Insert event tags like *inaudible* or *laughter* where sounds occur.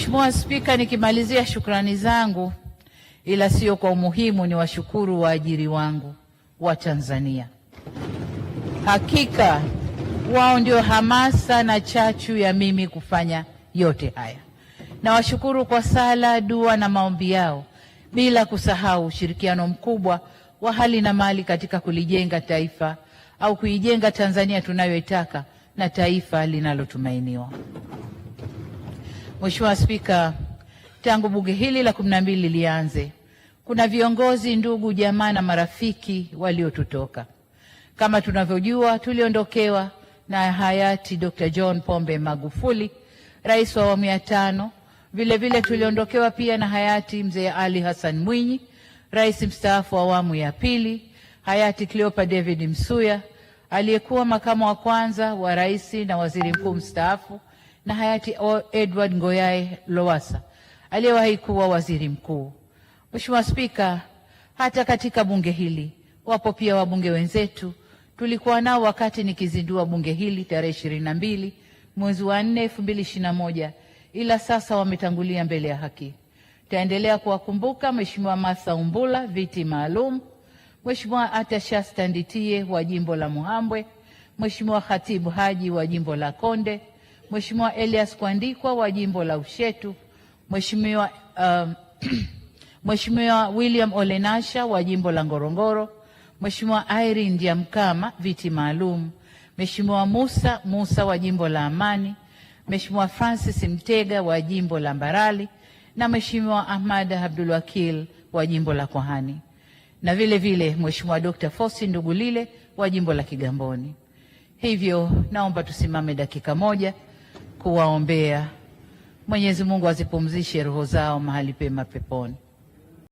Mheshimiwa Spika, nikimalizia shukrani zangu, ila sio kwa umuhimu, ni washukuru waajiri wangu wa Tanzania. Hakika wao ndio hamasa na chachu ya mimi kufanya yote haya. Nawashukuru kwa sala, dua na maombi yao, bila kusahau ushirikiano mkubwa wa hali na mali katika kulijenga taifa au kuijenga Tanzania tunayoitaka na taifa linalotumainiwa. Mheshimiwa Spika, tangu bunge hili la kumi na mbili lilianze kuna viongozi, ndugu, jamaa na marafiki waliotutoka. Kama tunavyojua, tuliondokewa na hayati Dr. John Pombe Magufuli, rais wa awamu ya tano. Vilevile tuliondokewa pia na hayati Mzee Ali Hassan Mwinyi, rais mstaafu wa awamu ya pili, hayati Cleopa David Msuya aliyekuwa makamu wa kwanza wa rais na waziri mkuu mstaafu na hayati Edward Ngoyai Lowassa aliyewahi kuwa waziri mkuu. Mheshimiwa Spika, hata katika bunge hili wapo pia wabunge wenzetu tulikuwa nao wakati nikizindua bunge hili tarehe ishirini na mbili mwezi wa nne elfu mbili ishirini na moja ila sasa wametangulia mbele ya haki. Taendelea kuwakumbuka Mheshimiwa Martha Umbula, viti maalum, Mheshimiwa Atashasta Nditie wa jimbo la Muhambwe, Mheshimiwa Khatibu Haji wa jimbo la Konde, Mheshimiwa Elias Kwandikwa wa jimbo la Ushetu, Mheshimiwa um, *clears throat* Mheshimiwa William Olenasha wa jimbo la Ngorongoro, Mheshimiwa Irene diamkama viti maalum, Mheshimiwa Musa Musa wa jimbo la Amani, Mheshimiwa Francis Mtega wa jimbo la Mbarali na Mheshimiwa Ahmad Abdul Wakil wa jimbo la Kohani na vile vile Mheshimiwa Dr. Fosi Ndugulile wa jimbo la Kigamboni. Hivyo naomba tusimame dakika moja kuwaombea Mwenyezi Mungu azipumzishe roho zao mahali pema peponi.